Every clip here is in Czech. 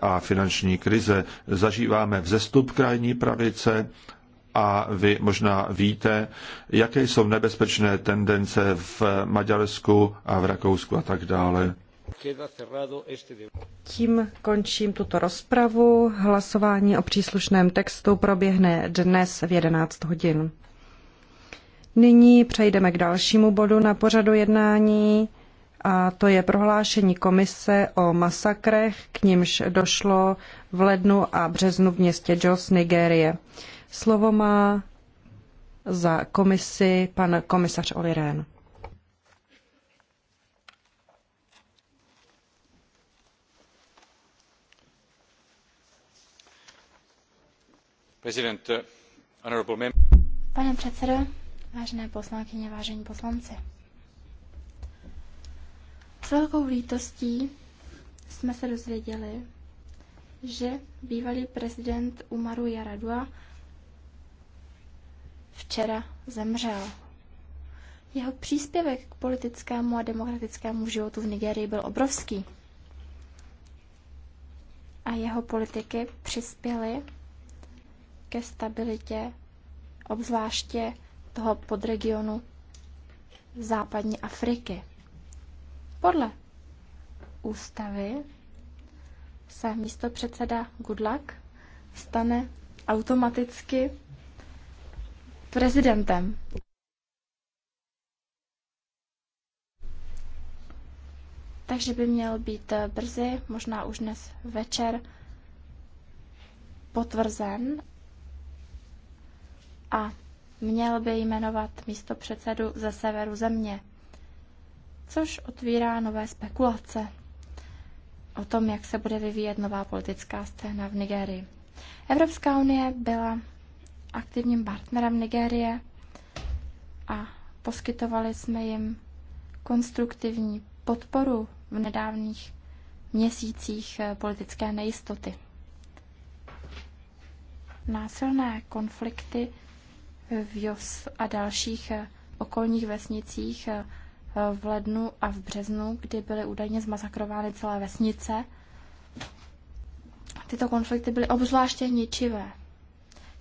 a finanční krize. Zažíváme vzestup krajní pravice a vy možná víte, jaké jsou nebezpečné tendence v Maďarsku a v Rakousku a tak dále. Tím končím tuto rozpravu. Hlasování o příslušném textu proběhne dnes v 11 hodin. Nyní přejdeme k dalšímu bodu na pořadu jednání a to je prohlášení komise o masakrech, k nimž došlo v lednu a březnu v městě Jos, Nigérie. Slovo má za komisi pan komisař Oli Rehn. Pane předsedo, vážené poslankyně, vážení poslanci velkou lítostí jsme se dozvěděli, že bývalý prezident Umaru Jaradua včera zemřel. Jeho příspěvek k politickému a demokratickému životu v Nigerii byl obrovský. A jeho politiky přispěly ke stabilitě, obzvláště toho podregionu západní Afriky. Podle ústavy se místo předseda Gudlak stane automaticky prezidentem. Takže by měl být brzy, možná už dnes večer, potvrzen a měl by jmenovat místo předsedu ze severu země což otvírá nové spekulace o tom, jak se bude vyvíjet nová politická scéna v Nigérii. Evropská unie byla aktivním partnerem Nigérie a poskytovali jsme jim konstruktivní podporu v nedávných měsících eh, politické nejistoty. Násilné konflikty v Jos a dalších eh, okolních vesnicích eh, v lednu a v březnu, kdy byly údajně zmasakrovány celé vesnice. Tyto konflikty byly obzvláště ničivé.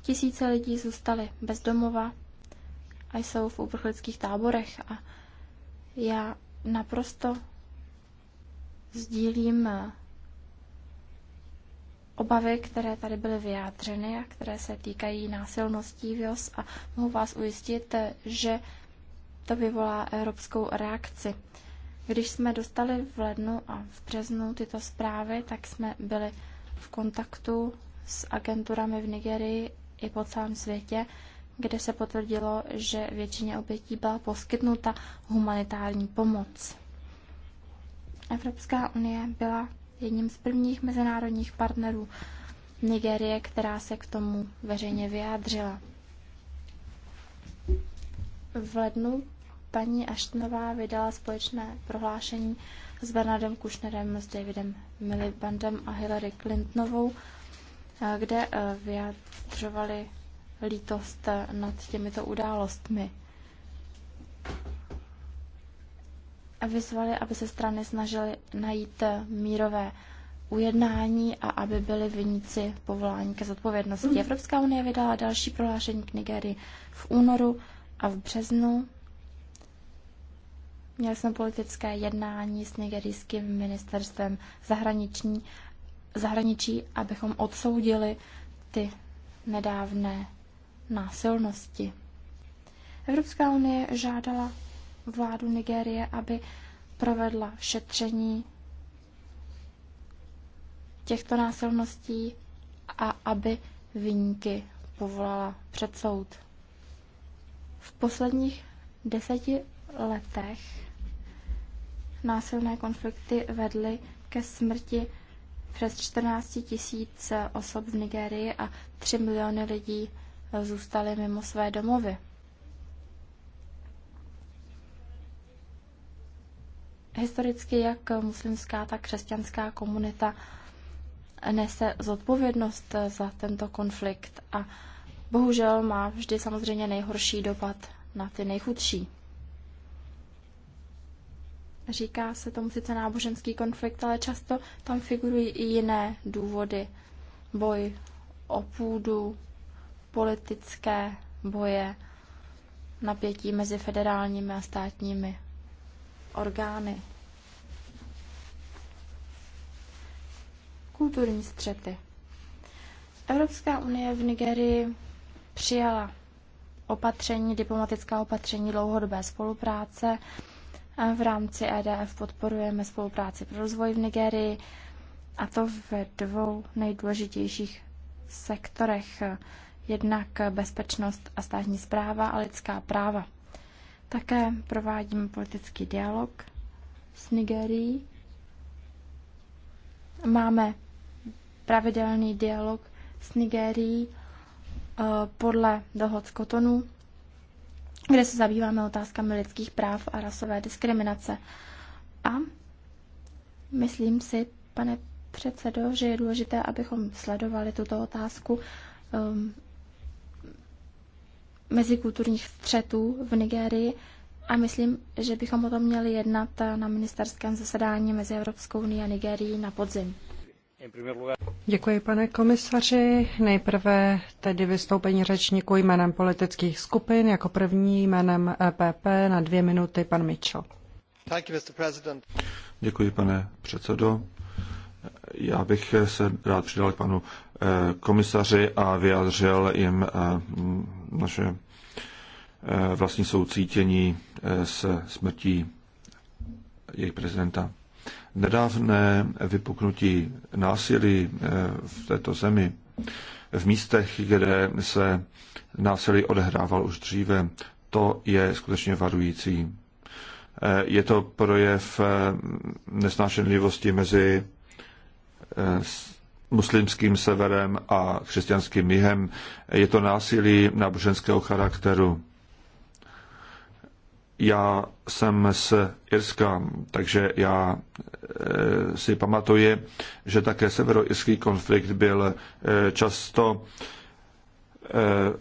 Tisíce lidí zůstaly bez domova a jsou v uprchlických táborech a já naprosto sdílím eh, obavy, které tady byly vyjádřeny a které se týkají násilností VIOS a mohu vás ujistit, eh, že to vyvolá evropskou reakci. Když jsme dostali v lednu a v březnu tyto zprávy, tak jsme byli v kontaktu s agenturami v Nigerii i po celém světě, kde se potvrdilo, že většině obětí byla poskytnuta humanitární pomoc. Evropská unie byla jedním z prvních mezinárodních partnerů Nigerie, která se k tomu veřejně vyjádřila. V lednu paní Ashtonová vydala společné prohlášení s Bernardem Kušnerem, s Davidem Milibandem a Hillary Clintonovou, eh, kde eh, vyjadřovali lítost eh, nad těmito událostmi. A vyzvali, aby se strany snažily najít mírové ujednání a aby byly viníci povoláni ke zodpovědnosti. Evropská unie vydala další prohlášení k Nigerii v únoru a v březnu Měl jsem politické jednání s nigerijským ministerstvem zahraniční, zahraničí, abychom odsoudili ty nedávné násilnosti. Evropská unie žádala vládu Nigérie, aby provedla šetření těchto násilností a aby výjimky povolala před soud. V posledních deseti letech násilné konflikty vedly ke smrti přes 14 tisíc osob v Nigerii a 3 miliony lidí zůstaly mimo své domovy. Historicky jak muslimská, tak křesťanská komunita nese zodpovědnost za tento konflikt a bohužel má vždy samozřejmě nejhorší dopad na ty nejchudší. Říká se tomu sice náboženský konflikt, ale často tam figurují i jiné důvody. Boj o půdu, politické boje, napětí mezi federálními a státními orgány. Kulturní střety. Evropská unie v Nigerii přijala opatření, diplomatická opatření dlouhodobé spolupráce v rámci EDF podporujeme spolupráci pro rozvoj v Nigerii a to ve dvou nejdůležitějších sektorech. Jednak bezpečnost a státní zpráva a lidská práva. Také provádíme politický dialog s Nigerií. Máme pravidelný dialog s Nigerií eh, podle dohod z Kotonu kde se zabýváme otázkami lidských práv a rasové diskriminace. A myslím si, pane předsedo, že je důležité, abychom sledovali tuto otázku um, mezikulturních střetů v Nigérii a myslím, že bychom o tom měli jednat na ministerském zasedání mezi Evropskou unii a Nigérií na podzim. Děkuji, pane komisaři. Nejprve tedy vystoupení řečníků jménem politických skupin, jako první jménem EPP na dvě minuty pan Mitchell. Děkuji, pane předsedo. Já bych se rád přidal k panu eh, komisaři a vyjádřil jim eh, naše eh, vlastní soucítění se smrtí jejich prezidenta nedávné vypuknutí násilí eh, v této zemi, v místech, kde se násilí odehrával už dříve, to je skutečně varující. Eh, je to projev eh, nesnášenlivosti mezi muslimským severem a křesťanským jihem. Je to násilí náboženského charakteru já jsem z Irska, takže já eh, si pamatuji, že také severoirský konflikt byl eh, často eh,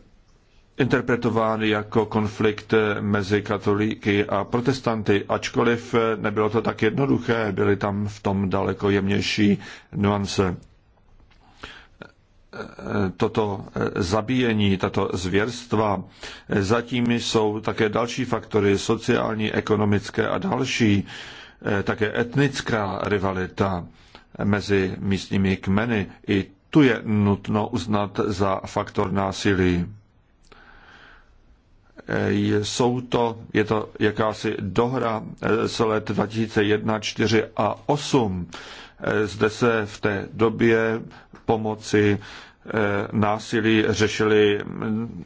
interpretován jako konflikt mezi katolíky a protestanty, ačkoliv nebylo to tak jednoduché, byly tam v tom daleko jemnější nuance toto eh, zabíjení, tato zvěrstva. Zatím jsou také další faktory, sociální, ekonomické a další, eh, také etnická rivalita mezi místními kmeny. I tu je nutno uznat za faktor násilí. Eh, jsou to, je to jakási dohra z let 2001, 4 a 8. Zde se v té době pomoci Eh, násilí řešili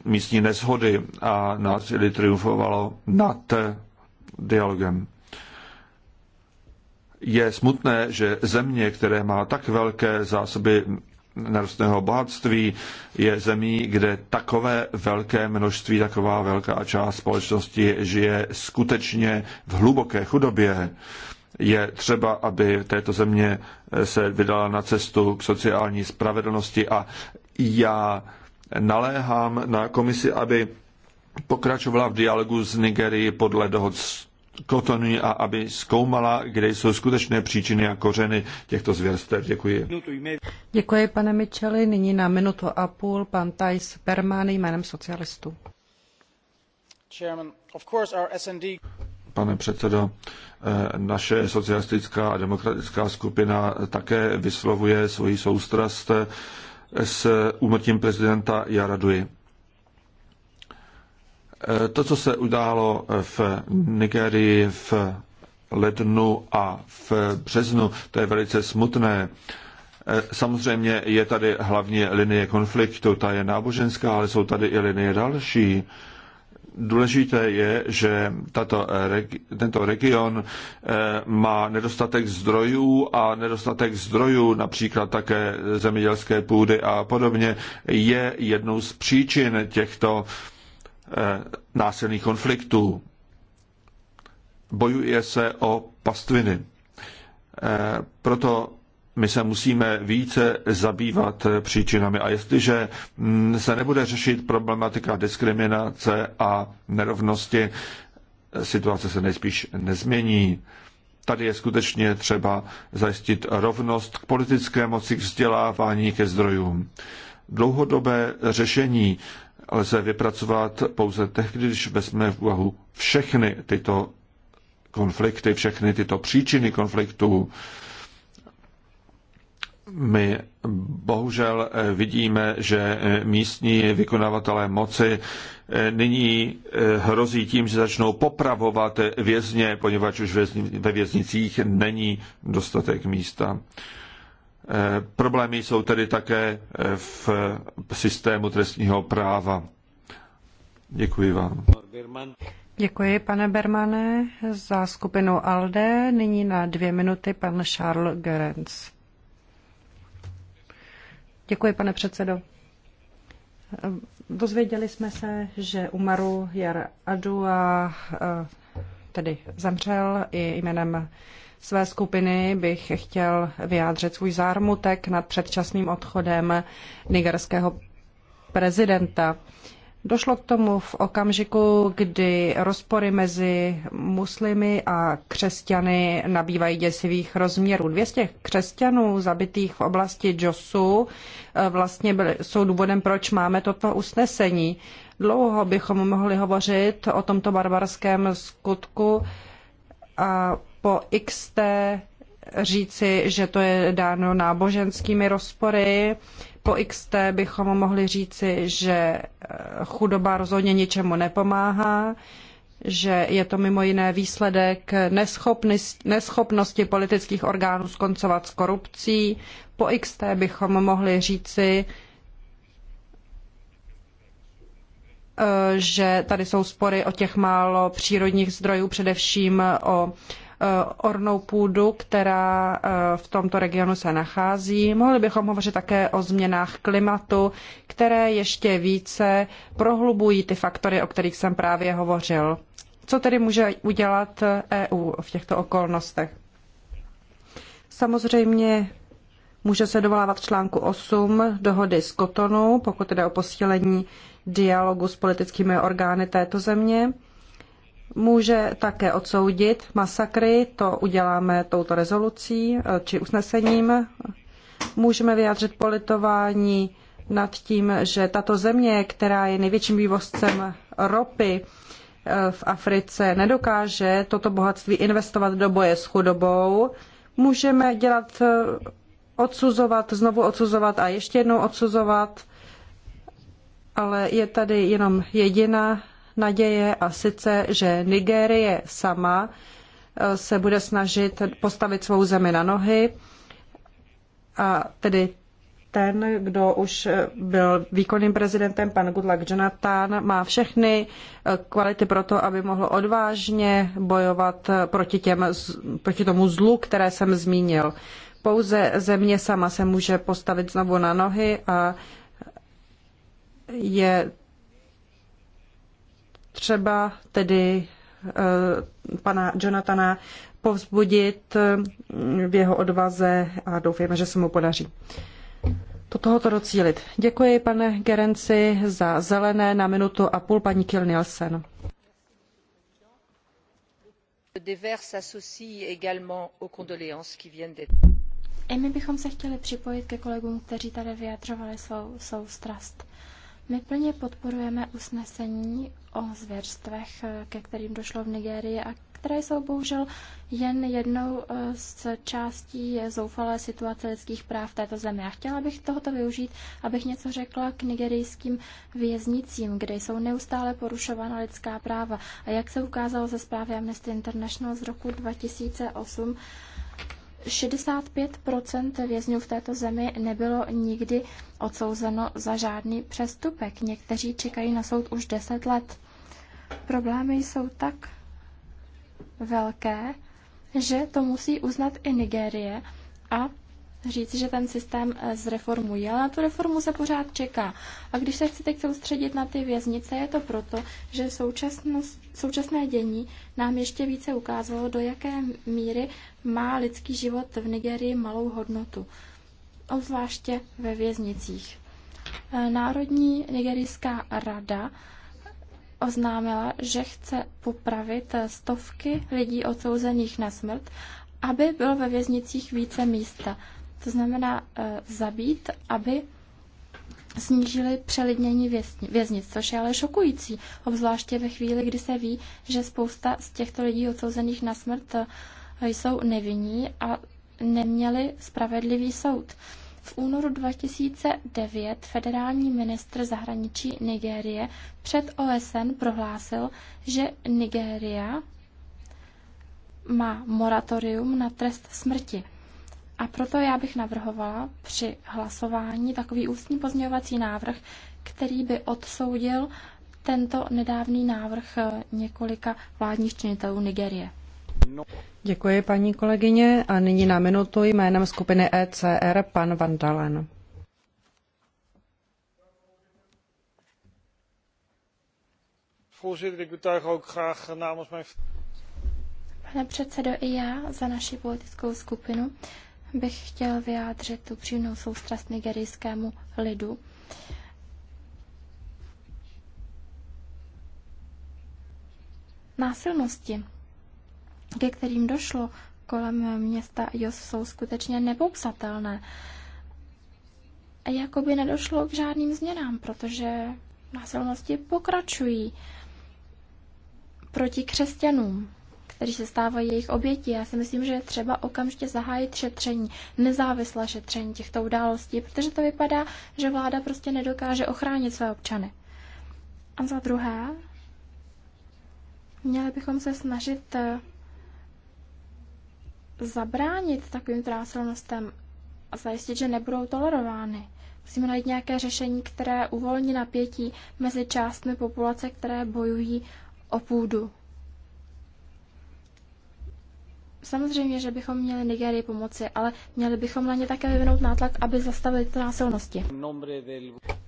místní neshody a násilí triumfovalo nad dialogem. Je smutné, že země, které má tak velké zásoby nerostného bohatství, je zemí, kde takové velké množství, taková velká část společnosti žije skutečně v hluboké chudobě je třeba, aby této země eh, se vydala na cestu k sociální spravedlnosti a já naléhám na komisi, aby pokračovala v dialogu s Nigerii podle dohod s Kotonu a aby zkoumala, kde jsou skutečné příčiny a kořeny těchto zvěrstev. Děkuji. Děkuji, pane Micheli. Nyní na minutu a půl pan Tajs Permány jménem socialistů pane předsedo. Eh, naše socialistická a demokratická skupina také vyslovuje svoji soustrast eh, s úmrtím prezidenta Jaraduji. Eh, to, co se událo v Nigerii v lednu a v březnu, to je velice smutné. Samozřejmě je tady hlavně linie konfliktu, ta je náboženská, ale jsou tady i linie další Důležité je, že tato, tento region eh, má nedostatek zdrojů a nedostatek zdrojů, například také zemědělské půdy a podobně, je jednou z příčin těchto eh, násilných konfliktů. Bojuje se o pastviny. Eh, proto my se musíme více zabývat příčinami. A jestliže se nebude řešit problematika diskriminace a nerovnosti, situace se nejspíš nezmění. Tady je skutečně třeba zajistit rovnost k politické moci, k vzdělávání, ke zdrojům. Dlouhodobé řešení lze vypracovat pouze tehdy, když vezmeme v úvahu všechny tyto konflikty, všechny tyto příčiny konfliktů, my bohužel eh, vidíme, že eh, místní vykonavatelé moci eh, nyní hrozí tím, že začnou popravovat vězně, poněvadž už ve věznicích není dostatek místa. Problémy jsou tedy také v systému trestního práva. Děkuji vám. Děkuji, pane Bermane, za skupinu ALDE. Nyní na dvě minuty pan Charles Gerenc. Děkuji, pane předsedo. Dozvěděli jsme se, že Umaru Jar Adua eh, tedy zemřel i jménem své skupiny bych chtěl vyjádřit svůj zármutek nad předčasným odchodem nigerského prezidenta. Došlo k tomu v okamžiku, kdy rozpory mezi muslimy a křesťany nabývají děsivých rozměrů. 200 křesťanů zabitých v oblasti Josu eh, vlastně byly, jsou důvodem, proč máme toto usnesení. Dlouho bychom mohli hovořit o tomto barbarském skutku a po XT říci, že to je dáno náboženskými rozpory po XT bychom mohli říci, že eh, chudoba rozhodně ničemu nepomáhá, že je to mimo jiné výsledek neschopnosti politických orgánů skoncovat s korupcí. Po XT bychom mohli říci, eh, že tady jsou spory o těch málo přírodních zdrojů, především o Eh, ornou půdu, která eh, v tomto regionu se nachází. Mohli bychom hovořit také o změnách klimatu, které ještě více prohlubují ty faktory, o kterých jsem právě hovořil. Co tedy může udělat EU v těchto okolnostech? Samozřejmě může se dovolávat článku 8 dohody z Kotonu, pokud jde o posílení dialogu s politickými orgány této země. Může také odsoudit masakry, to uděláme touto rezolucí eh, či usnesením. Můžeme vyjádřit politování nad tím, že tato země, která je největším vývozcem ropy eh, v Africe, nedokáže toto bohatství investovat do boje s chudobou. Můžeme dělat eh, odsuzovat, znovu odsuzovat a ještě jednou odsuzovat, ale je tady jenom jediná naděje a sice, že Nigérie sama eh, se bude snažit postavit svou zemi na nohy a tedy ten, kdo už eh, byl výkonným prezidentem, pan Goodluck Jonathan, má všechny eh, kvality pro to, aby mohl odvážně bojovat proti, těm, proti tomu zlu, které jsem zmínil. Pouze země sama se může postavit znovu na nohy a je třeba tedy eh, pana Jonathana povzbudit eh, v jeho odvaze a doufejme, že se mu podaří to tohoto docílit. Děkuji, pane Gerenci, za zelené na minutu a půl paní Kil Nielsen. I my bychom se chtěli připojit ke kolegům, kteří tady vyjadřovali svou svou strast. My plně podporujeme usnesení o zvěrstvech, ke kterým došlo v Nigérii a které jsou bohužel jen jednou eh, z částí zoufalé situace lidských práv v této zemi. A chtěla bych tohoto využít, abych něco řekla k nigerijským věznicím, kde jsou neustále porušována lidská práva. A jak se ukázalo ze zprávy Amnesty International z roku 2008, 65 vězňů v této zemi nebylo nikdy odsouzeno za žádný přestupek. Někteří čekají na soud už 10 let. Problémy jsou tak velké, že to musí uznat i Nigérie a říci, že ten systém eh, zreformuje, ale na tu reformu se pořád čeká. A když se chcete soustředit na ty věznice, je to proto, že současné dění nám ještě více ukázalo, do jaké míry má lidský život v Nigerii malou hodnotu, obzvláště ve věznicích. Eh, Národní nigerijská rada oznámila, že chce popravit eh, stovky lidí odsouzených na smrt, aby bylo ve věznicích více místa to znamená eh, zabít, aby snížili přelidnění věznic, což je ale šokující, obzvláště ve chvíli, kdy se ví, že spousta z těchto lidí odsouzených na smrt eh, jsou nevinní a neměli spravedlivý soud. V únoru 2009 federální ministr zahraničí Nigérie před OSN prohlásil, že Nigéria má moratorium na trest smrti. A proto já bych navrhovala při hlasování takový ústní pozměňovací návrh, který by odsoudil tento nedávný návrh eh, několika vládních činitelů Nigerie. Děkuji, paní kolegyně. A nyní na minutu jménem skupiny ECR pan Vandalen. Pane předsedo, i já za naši politickou skupinu bych chtěl vyjádřit upřímnou soustrast nigerijskému lidu. Násilnosti, ke kterým došlo kolem města Jos, jsou skutečně nepopsatelné. Jakoby nedošlo k žádným změnám, protože násilnosti pokračují proti křesťanům kteří se stávají jejich oběti, Já si myslím, že je třeba okamžitě zahájit šetření, nezávislé šetření těchto událostí, protože to vypadá, že vláda prostě nedokáže ochránit své občany. A za druhé, měli bychom se snažit eh, zabránit takovým trásilnostem a zajistit, že nebudou tolerovány. Musíme najít nějaké řešení, které uvolní napětí mezi částmi populace, které bojují o půdu. Samozřejmě, že bychom měli Nigerii pomoci, ale měli bychom na ně také vyvinout nátlak, aby zastavili ty násilnosti.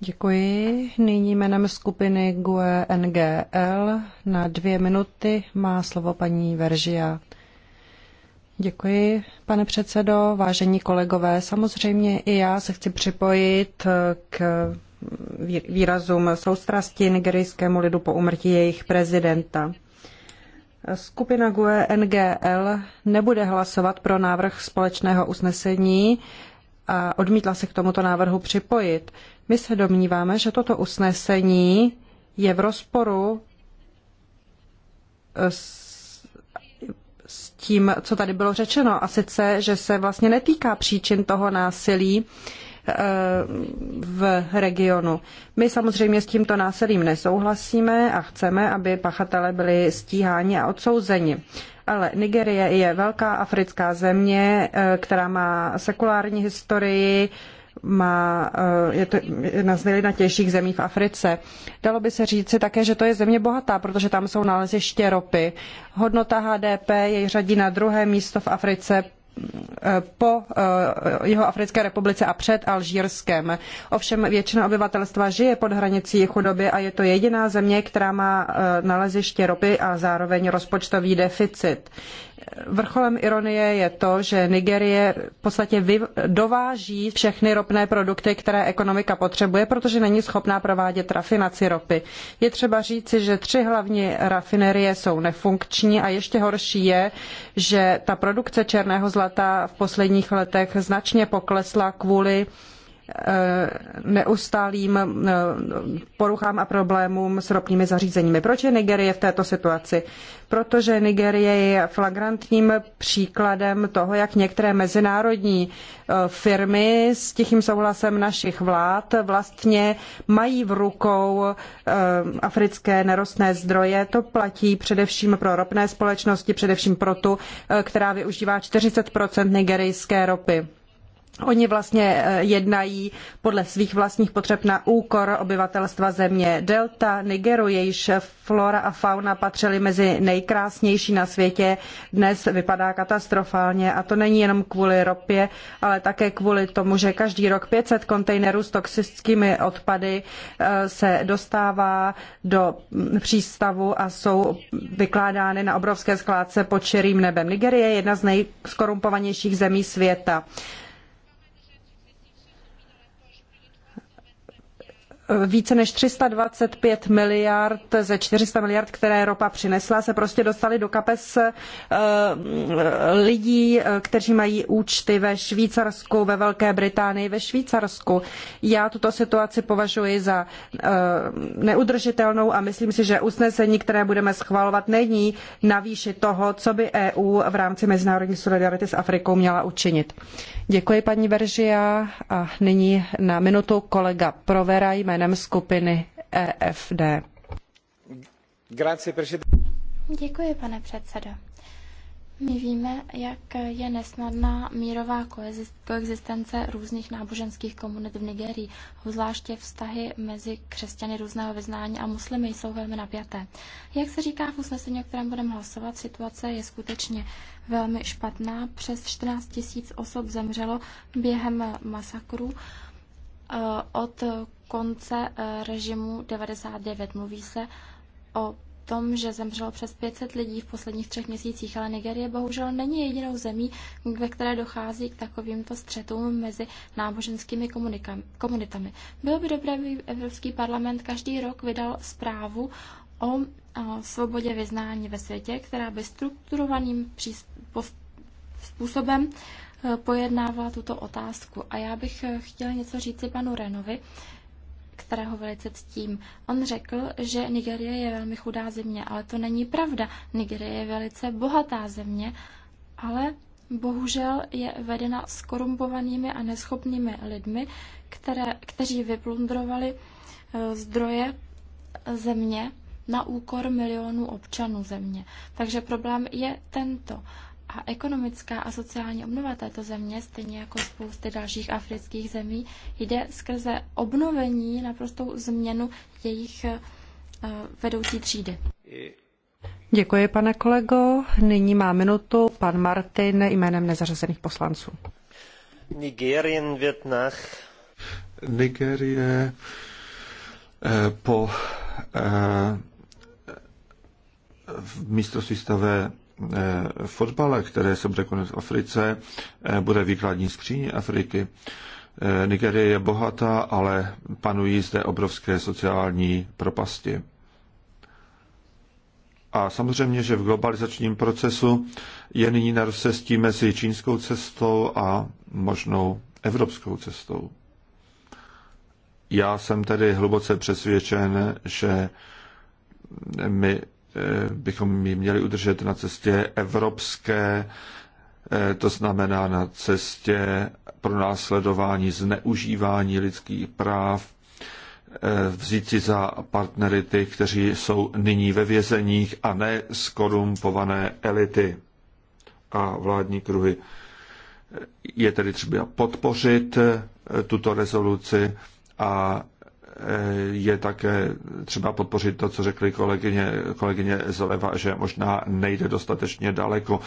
Děkuji. Nyní jménem skupiny GUE NGL na dvě minuty má slovo paní Veržia. Děkuji, pane předsedo, vážení kolegové. Samozřejmě i já se chci připojit k výrazům soustrasti nigerijskému lidu po umrtí jejich prezidenta. Skupina GUE NGL nebude hlasovat pro návrh společného usnesení a odmítla se k tomuto návrhu připojit. My se domníváme, že toto usnesení je v rozporu s s tím, co tady bylo řečeno, a sice, že se vlastně netýká příčin toho násilí, Eh, v regionu. My samozřejmě s tímto násilím nesouhlasíme a chceme, aby pachatele byli stíháni a odsouzeni. Ale Nigérie je velká africká země, eh, která má sekulární historii, má, eh, je to jedna z nejlidnatějších zemí v Africe. Dalo by se říci také, že to je země bohatá, protože tam jsou naleziště ropy. Hodnota HDP jej řadí na druhé místo v Africe Eh, po jeho Africké republice a před Alžírskem. Ovšem většina obyvatelstva žije pod hranicí chudoby a je to jediná země, která má eh, naleziště ropy a zároveň rozpočtový deficit. Vrcholem ironie je to, že Nigérie v podstatě dováží všechny ropné produkty, které ekonomika potřebuje, protože není schopná provádět rafinaci ropy. Je třeba říci, že tři hlavní rafinerie jsou nefunkční a ještě horší je, že ta produkce černého zlata v posledních letech značně poklesla kvůli uh, Eh, neustálým eh, poruchám a problémům s ropnými zařízeními. Proč je Nigerie v této situaci? Protože Nigerie je flagrantním příkladem toho, jak některé mezinárodní eh, firmy s tichým souhlasem našich vlád vlastně mají v rukou africké nerostné zdroje. To platí především pro ropné společnosti, především pro tu, která využívá 40 nigerijské ropy. Oni vlastně eh, jednají podle svých vlastních potřeb na úkor obyvatelstva země Delta, Nigeru, jejíž flora a fauna patřily mezi nejkrásnější na světě, dnes vypadá katastrofálně a to není jenom kvůli ropě, ale také kvůli tomu, že každý rok 500 kontejnerů s toxickými odpady eh, se dostává do přístavu a jsou vykládány na obrovské skládce pod širým nebem. Nigerie je jedna z nejskorumpovanějších zemí světa více než 325 miliard ze 400 miliard, které ropa přinesla, se prostě dostaly do kapes eh, lidí, eh, kteří mají účty ve Švýcarsku, ve Velké Británii, ve Švýcarsku. Já tuto situaci považuji za eh, neudržitelnou a myslím si, že usnesení, které budeme schvalovat, není na výši toho, co by EU v rámci mezinárodní solidarity s Afrikou měla učinit. Děkuji paní Veržia a nyní na minutu kolega Provera jméno jménem skupiny EFD. Děkuji, pane předsedo. My víme, jak je nesnadná mírová koexistence různých náboženských komunit v Nigerii. Zvláště vztahy mezi křesťany různého vyznání a muslimy jsou velmi napjaté. Jak se říká v usnesení, o kterém budeme hlasovat, situace je skutečně velmi špatná. Přes 14 tisíc osob zemřelo během masakru Eh, od konce eh, režimu 99. Mluví se o tom, že zemřelo přes 500 lidí v posledních třech měsících, ale Nigerie bohužel není jedinou zemí, ve které dochází k takovýmto střetům mezi náboženskými komunitami. Bylo by dobré, aby Evropský parlament každý rok vydal zprávu o eh, svobodě vyznání ve světě, která by strukturovaným způsobem pojednávala tuto otázku. A já bych eh, chtěla něco říci panu Renovi, kterého velice ctím. On řekl, že Nigerie je velmi chudá země, ale to není pravda. Nigerie je velice bohatá země, ale bohužel je vedena skorumpovanými a neschopnými lidmi, které, kteří vyplundrovali eh, zdroje země na úkor milionů občanů země. Takže problém je tento. A ekonomická a sociální obnova této země, stejně jako spousty dalších afrických zemí, jde skrze obnovení, naprostou změnu jejich eh, vedoucí třídy. Děkuji, pane kolego. Nyní má minutu pan Martin jménem nezařazených poslanců. Nigerien, Větnach. Nigerie eh, po eh, místo Eh, fotbale, které se bude konat v Africe, eh, bude výkladní skříně Afriky. Eh, Nigerie je bohatá, ale panují zde obrovské sociální propasti. A samozřejmě, že v globalizačním procesu je nyní na rozcestí mezi čínskou cestou a možnou evropskou cestou. Já jsem tedy hluboce přesvědčen, že my bychom ji měli udržet na cestě evropské, eh, to znamená na cestě pro následování zneužívání lidských práv, eh, vzít si za partnery ty, kteří jsou nyní ve vězeních a ne skorumpované elity a vládní kruhy. Je tedy třeba podpořit eh, tuto rezoluci a je také třeba podpořit to, co řekly kolegyně, kolegyně Zoleva, že možná nejde dostatečně daleko,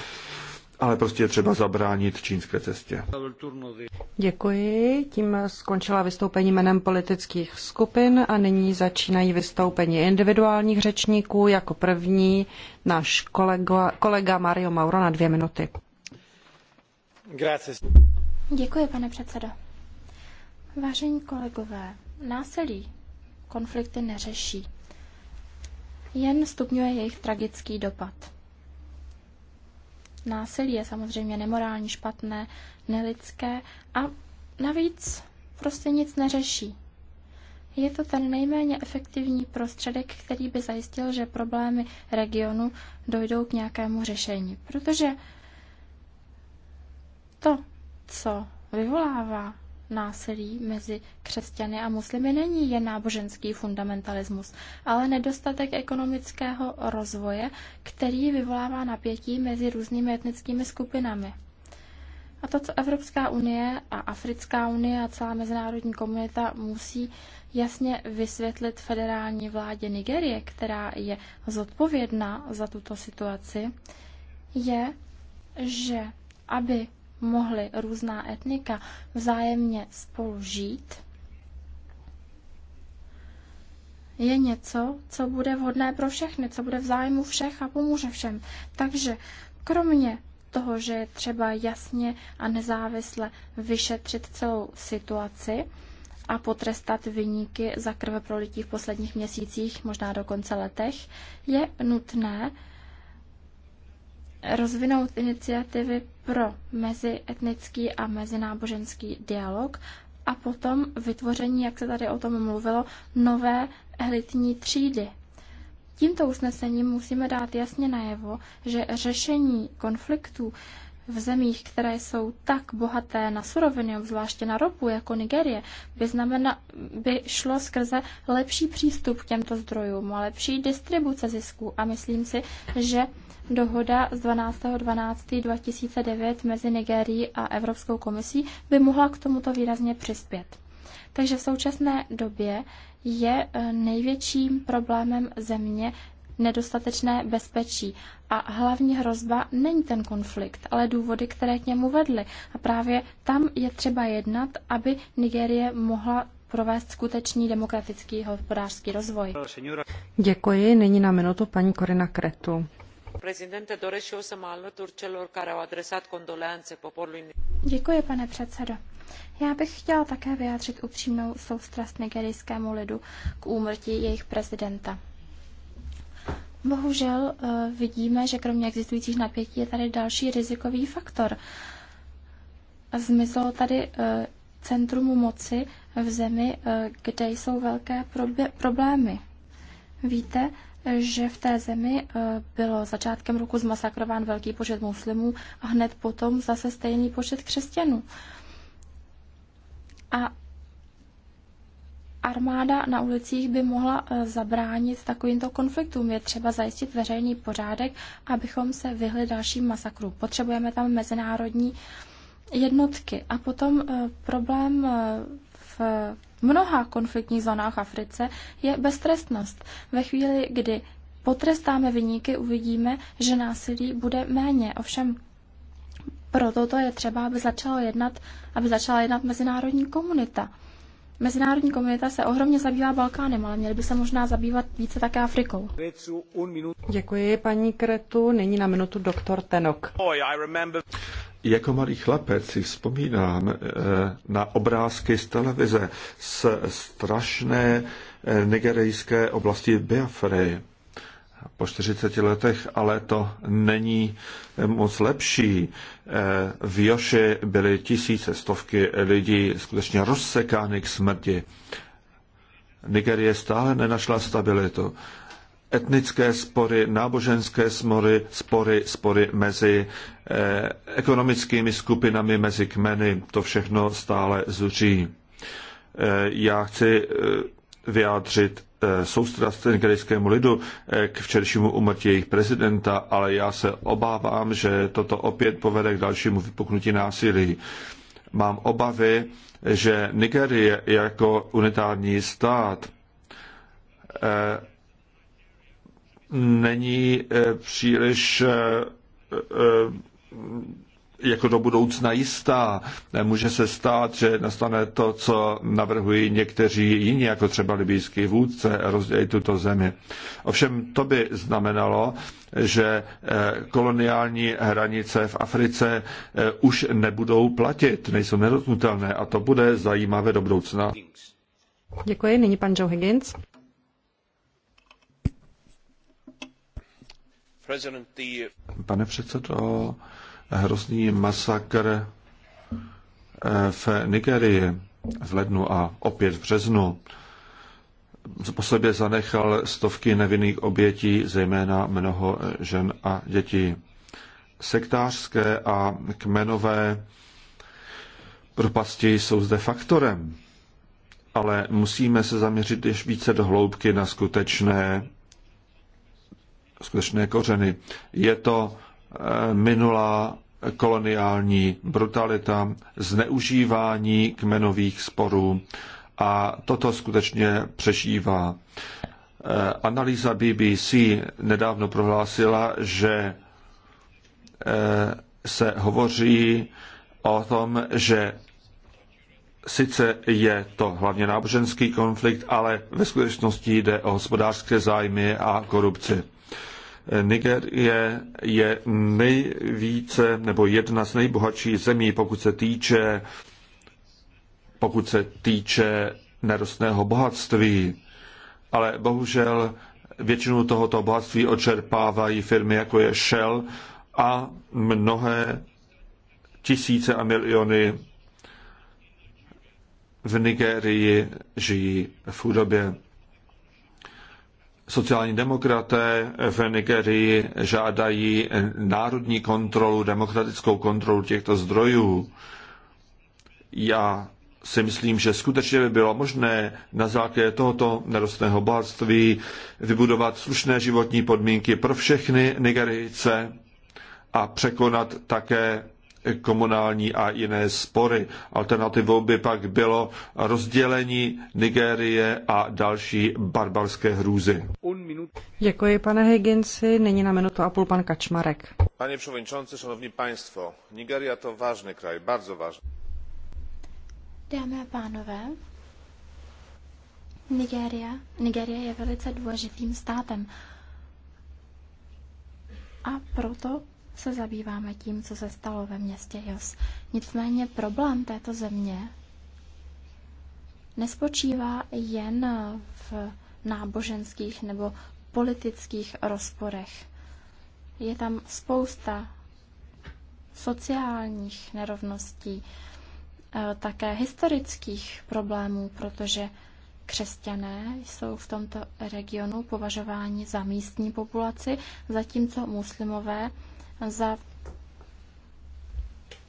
ale prostě je třeba zabránit čínské cestě. Děkuji. Tím skončila vystoupení jménem politických skupin a nyní začínají vystoupení individuálních řečníků. Jako první náš kolega, kolega Mario Mauro na dvě minuty. Grazie. Děkuji, pane předsedo. Vážení kolegové, násilí. Konflikty neřeší. Jen stupňuje jejich tragický dopad. Násilí je samozřejmě nemorální, špatné, nelidské a navíc prostě nic neřeší. Je to ten nejméně efektivní prostředek, který by zajistil, že problémy regionu dojdou k nějakému řešení. Protože to, co vyvolává násilí mezi křesťany a muslimy není jen náboženský fundamentalismus, ale nedostatek ekonomického rozvoje, který vyvolává napětí mezi různými etnickými skupinami. A to, co Evropská unie a Africká unie a celá mezinárodní komunita musí jasně vysvětlit federální vládě Nigerie, která je zodpovědná za tuto situaci, je, že aby mohly různá etnika vzájemně spolu žít, je něco, co bude vhodné pro všechny, co bude v zájmu všech a pomůže všem. Takže kromě toho, že je třeba jasně a nezávisle vyšetřit celou situaci a potrestat vyníky za krve pro lidí v posledních měsících, možná dokonce letech, je nutné rozvinout iniciativy pro mezietnický a mezináboženský dialog a potom vytvoření, jak se tady o tom mluvilo, nové elitní třídy. Tímto usnesením musíme dát jasně najevo, že řešení konfliktů v zemích, které jsou tak bohaté na suroviny, obzvláště na ropu, jako Nigerie, by, znamená, by šlo skrze lepší přístup k těmto zdrojům a lepší distribuce zisků. A myslím si, že dohoda z 12.12.2009 mezi Nigerií a Evropskou komisí by mohla k tomuto výrazně přispět. Takže v současné době je eh, největším problémem země nedostatečné bezpečí. A hlavní hrozba není ten konflikt, ale důvody, které k němu vedly. A právě tam je třeba jednat, aby Nigérie mohla provést skutečný demokratický hospodářský rozvoj. Děkuji. Nyní na minutu paní Korina Kretu. Děkuji, pane předsedo. Já bych chtěla také vyjádřit upřímnou soustrast nigerijskému lidu k úmrtí jejich prezidenta. Bohužel eh, vidíme, že kromě existujících napětí je tady další rizikový faktor. Zmizelo tady eh, centrum moci v zemi, eh, kde jsou velké problémy. Víte, že v té zemi bylo začátkem roku zmasakrován velký počet muslimů a hned potom zase stejný počet křesťanů. A armáda na ulicích by mohla eh, zabránit takovýmto konfliktům. Je třeba zajistit veřejný pořádek, abychom se vyhli dalším masakru. Potřebujeme tam mezinárodní jednotky. A potom eh, problém eh, v mnoha konfliktních zónách Africe je beztrestnost. Ve chvíli, kdy potrestáme vyníky, uvidíme, že násilí bude méně. Ovšem proto to je třeba, aby začalo jednat, aby začala jednat mezinárodní komunita. Mezinárodní komunita se ohromně zabývá Balkánem, ale měly by se možná zabývat více také Afrikou. Děkuji, paní Kretu. Nyní na minutu doktor Tenok. Jako malý chlapec si vzpomínám eh, na obrázky z televize z strašné eh, nigerijské oblasti Biafry po 40 letech, ale to není eh, moc lepší. Eh, v Joši byly tisíce, stovky lidí skutečně rozsekány k smrti. Nigerie stále nenašla stabilitu. Etnické spory, náboženské spory, spory, spory mezi eh, ekonomickými skupinami, mezi kmeny, to všechno stále zuří. já chci vyjádřit Eh, soustrast nigerijskému lidu eh, k včerejšímu umrtí jejich prezidenta, ale já se obávám, že toto opět povede k dalšímu vypuknutí násilí. Mám obavy, že Nigerie jako unitární stát eh, není příliš jako do budoucna jistá. Může se stát, že nastane to, co navrhují někteří jiní, jako třeba libijský vůdce, rozdělit tuto zemi. Ovšem to by znamenalo, že eh, koloniální hranice v Africe eh, už nebudou platit, nejsou nedotknutelné a to bude zajímavé do budoucna. Děkuji, nyní pan Joe Higgins. Pane předsedo, hrozný masakr eh, v Nigerii v lednu a opět v březnu po sobě zanechal stovky nevinných obětí, zejména mnoho žen a dětí. Sektářské a kmenové propasti jsou zde faktorem, ale musíme se zaměřit ještě více do hloubky na skutečné, skutečné kořeny. Je to Eh, minulá koloniální brutalita, zneužívání kmenových sporů a toto skutečně přežívá. Eh, analýza BBC nedávno prohlásila, že eh, se hovoří o tom, že sice je to hlavně náboženský konflikt, ale ve skutečnosti jde o hospodářské zájmy a korupci. Nigerie je nejvíce nebo jedna z nejbohatších zemí, pokud se týče, pokud se týče nerostného bohatství. Ale bohužel většinu tohoto bohatství očerpávají firmy jako je Shell a mnohé tisíce a miliony v Nigerii žijí v chudobě sociální demokraté v Nigerii žádají národní kontrolu, demokratickou kontrolu těchto zdrojů. Já si myslím, že skutečně by bylo možné na základě tohoto nerostného bohatství vybudovat slušné životní podmínky pro všechny Nigerijce a překonat také komunální a jiné spory. Alternativou by pak bylo rozdělení Nigérie a další barbarské hrůzy. Děkuji, pane Higginsi. Nyní na minutu a půl pan Kačmarek. Pane předsedající, šanovní państwo, Nigeria to vážný kraj, bardzo vážný. Dámy a pánové, Nigeria, Nigeria je velice důležitým státem. A proto se zabýváme tím, co se stalo ve městě Jos. Nicméně problém této země nespočívá jen v náboženských nebo politických rozporech. Je tam spousta sociálních nerovností, eh, také historických problémů, protože křesťané jsou v tomto regionu považováni za místní populaci, zatímco muslimové za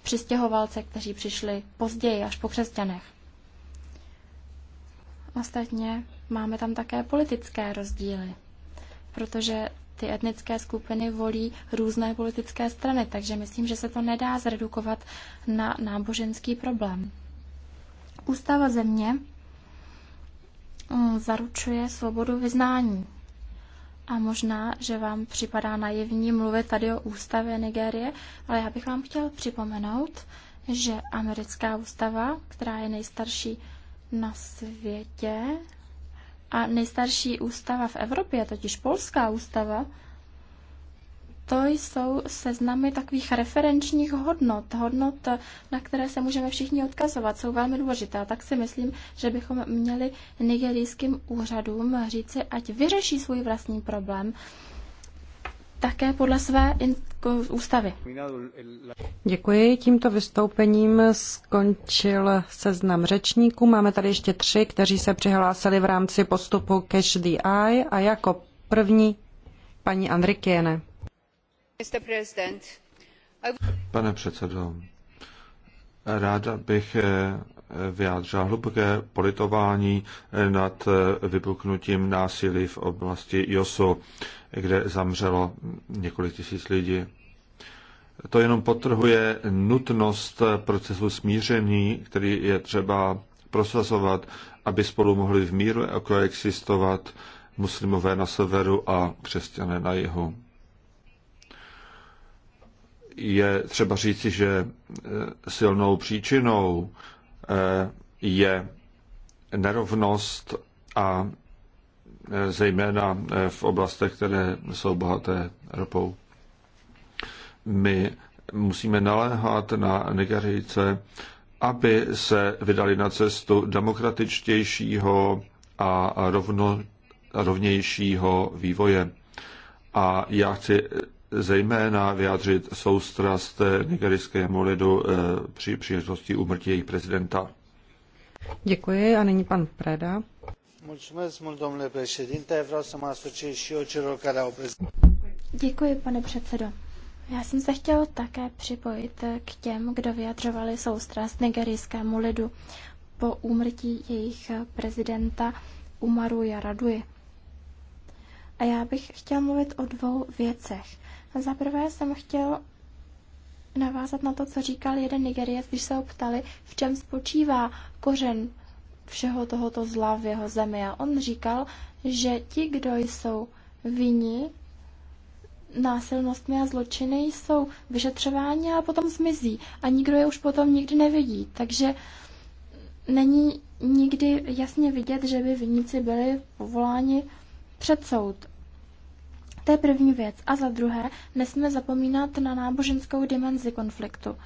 přistěhovalce, kteří přišli později, až po křesťanech. Ostatně máme tam také politické rozdíly, protože ty etnické skupiny volí různé politické strany, takže myslím, že se to nedá zredukovat na náboženský problém. Ústava země mm, zaručuje svobodu vyznání. A možná, že vám připadá naivní mluvit tady o ústavě Nigérie, ale já bych vám chtěl připomenout, že americká ústava, která je nejstarší na světě a nejstarší ústava v Evropě, totiž polská ústava, to jsou seznamy takových referenčních hodnot, hodnot, na které se můžeme všichni odkazovat, jsou velmi důležité. A tak si myslím, že bychom měli nigerijským úřadům říci, ať vyřeší svůj vlastní problém, také podle své ústavy. Děkuji. Tímto vystoupením skončil seznam řečníků. Máme tady ještě tři, kteří se přihlásili v rámci postupu Cash the Eye a jako první paní Andrikiene. Pane předsedo, ráda bych eh, vyjádřila hluboké politování eh, nad eh, vypuknutím násilí v oblasti Josu, kde zemřelo několik tisíc lidí. To jenom podtrhuje nutnost procesu smíření, který je třeba prosazovat, aby spolu mohli v míru koexistovat jako muslimové na severu a křesťané na jihu je třeba říci, že eh, silnou příčinou eh, je nerovnost a eh, zejména v oblastech, které jsou bohaté ropou. My musíme naléhat na Nigerijce, aby se vydali na cestu demokratičtějšího a rovno, rovnějšího vývoje. A já chci zejména vyjádřit soustrast nigerijskému lidu eh, při příležitosti úmrtí jejich prezidenta. Děkuji a nyní pan Preda. Děkuji, pane předsedo. Já jsem se chtěl také připojit k těm, kdo vyjadřovali soustrast nigerijskému lidu po úmrtí jejich prezidenta Umaru Jaradui. A já bych chtěl mluvit o dvou věcech. Za prvé jsem chtěl navázat na to, co říkal jeden Nigeriec, když se ho ptali, v čem spočívá kořen všeho tohoto zla v jeho zemi. A on říkal, že ti, kdo jsou vinni násilnostmi a zločiny, jsou vyšetřováni a potom zmizí. A nikdo je už potom nikdy nevidí. Takže není nikdy jasně vidět, že by vinníci byli povoláni před soud. To je první věc. A za druhé, nesmíme zapomínat na náboženskou dimenzi konfliktu.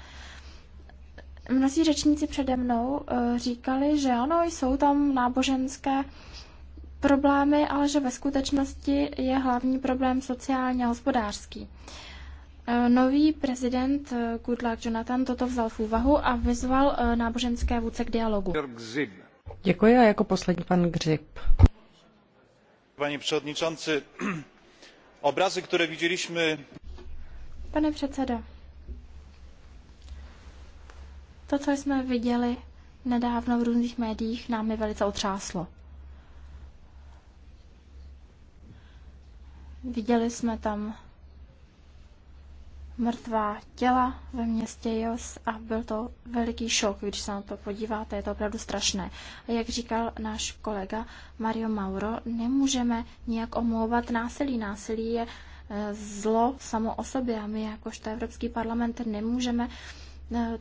Mnozí řečníci přede mnou eh, říkali, že ano, jsou tam náboženské problémy, ale že ve skutečnosti je hlavní problém sociálně a hospodářský. Eh, nový prezident eh, Goodluck Jonathan toto vzal v úvahu a vyzval náboženské vůdce k dialogu. Děkuji a jako poslední pan Gřib. Panie předsedající, obrazy, které viděliśmy... Pane předsedo, to, co jsme viděli nedávno v různých médiích, nám je velice otřáslo. Viděli jsme tam mrtvá těla ve městě Jos a byl to veliký šok, když se na to podíváte, je to opravdu strašné. A jak říkal náš kolega Mario Mauro, nemůžeme nijak omlouvat násilí. Násilí je eh, zlo samo o sobě a my jakožto Evropský parlament nemůžeme eh,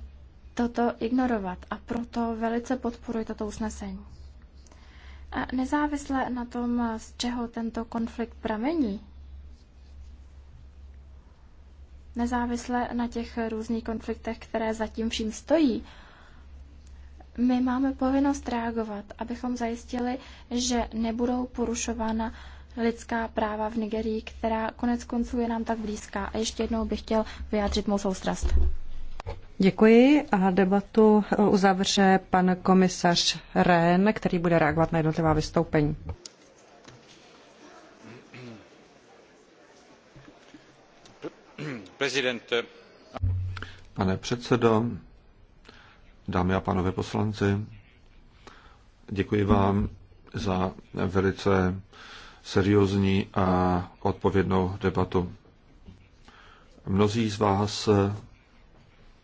toto ignorovat a proto velice podporuji toto usnesení. A nezávisle na tom, z čeho tento konflikt pramení, nezávisle na těch různých konfliktech, které zatím vším stojí, my máme povinnost reagovat, abychom zajistili, že nebudou porušována lidská práva v Nigerii, která konec konců je nám tak blízká. A ještě jednou bych chtěl vyjádřit mou soustrast. Děkuji a debatu uzavře pan komisař Rehn, který bude reagovat na jednotlivá vystoupení. Pane předsedo, dámy a pánové poslanci, děkuji vám za velice seriózní a odpovědnou debatu. Mnozí z vás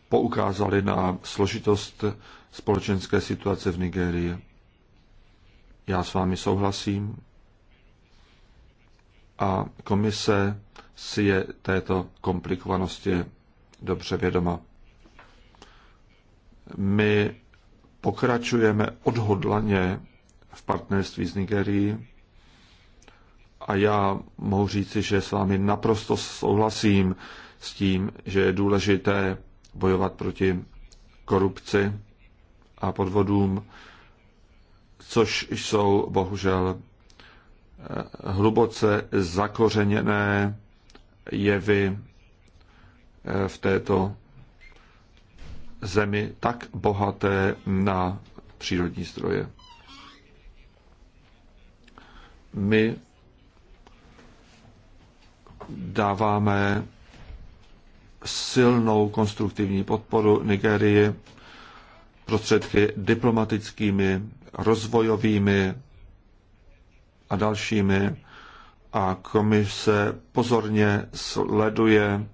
poukázali na složitost společenské situace v Nigérii. Já s vámi souhlasím a komise si je této komplikovanosti dobře vědoma. My pokračujeme odhodlaně v partnerství s Nigerií a já mohu říci, že s vámi naprosto souhlasím s tím, že je důležité bojovat proti korupci a podvodům, což jsou bohužel hluboce zakořeněné jevy eh, v této zemi tak bohaté na přírodní zdroje. My dáváme silnou konstruktivní podporu Nigerii prostředky diplomatickými, rozvojovými, a dalšími a komise pozorně sleduje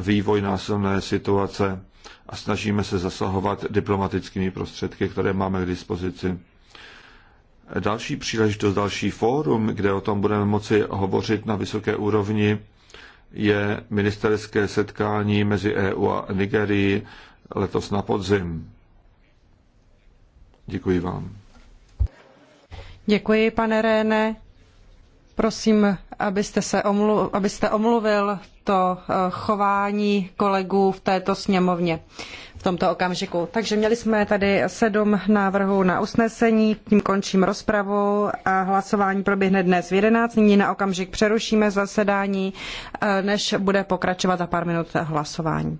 vývoj násilné situace a snažíme se zasahovat diplomatickými prostředky, které máme k dispozici. Další příležitost, další fórum, kde o tom budeme moci hovořit na vysoké úrovni, je ministerské setkání mezi EU a Nigerií letos na podzim. Děkuji vám. Děkuji, pane Réne. Prosím, abyste, se omlu, abyste omluvil to eh, chování kolegů v této sněmovně v tomto okamžiku. Takže měli jsme tady sedm návrhů na usnesení, tím končím rozpravu a hlasování proběhne dnes v 11. Nyní na okamžik přerušíme zasedání, eh, než bude pokračovat za pár minut hlasování.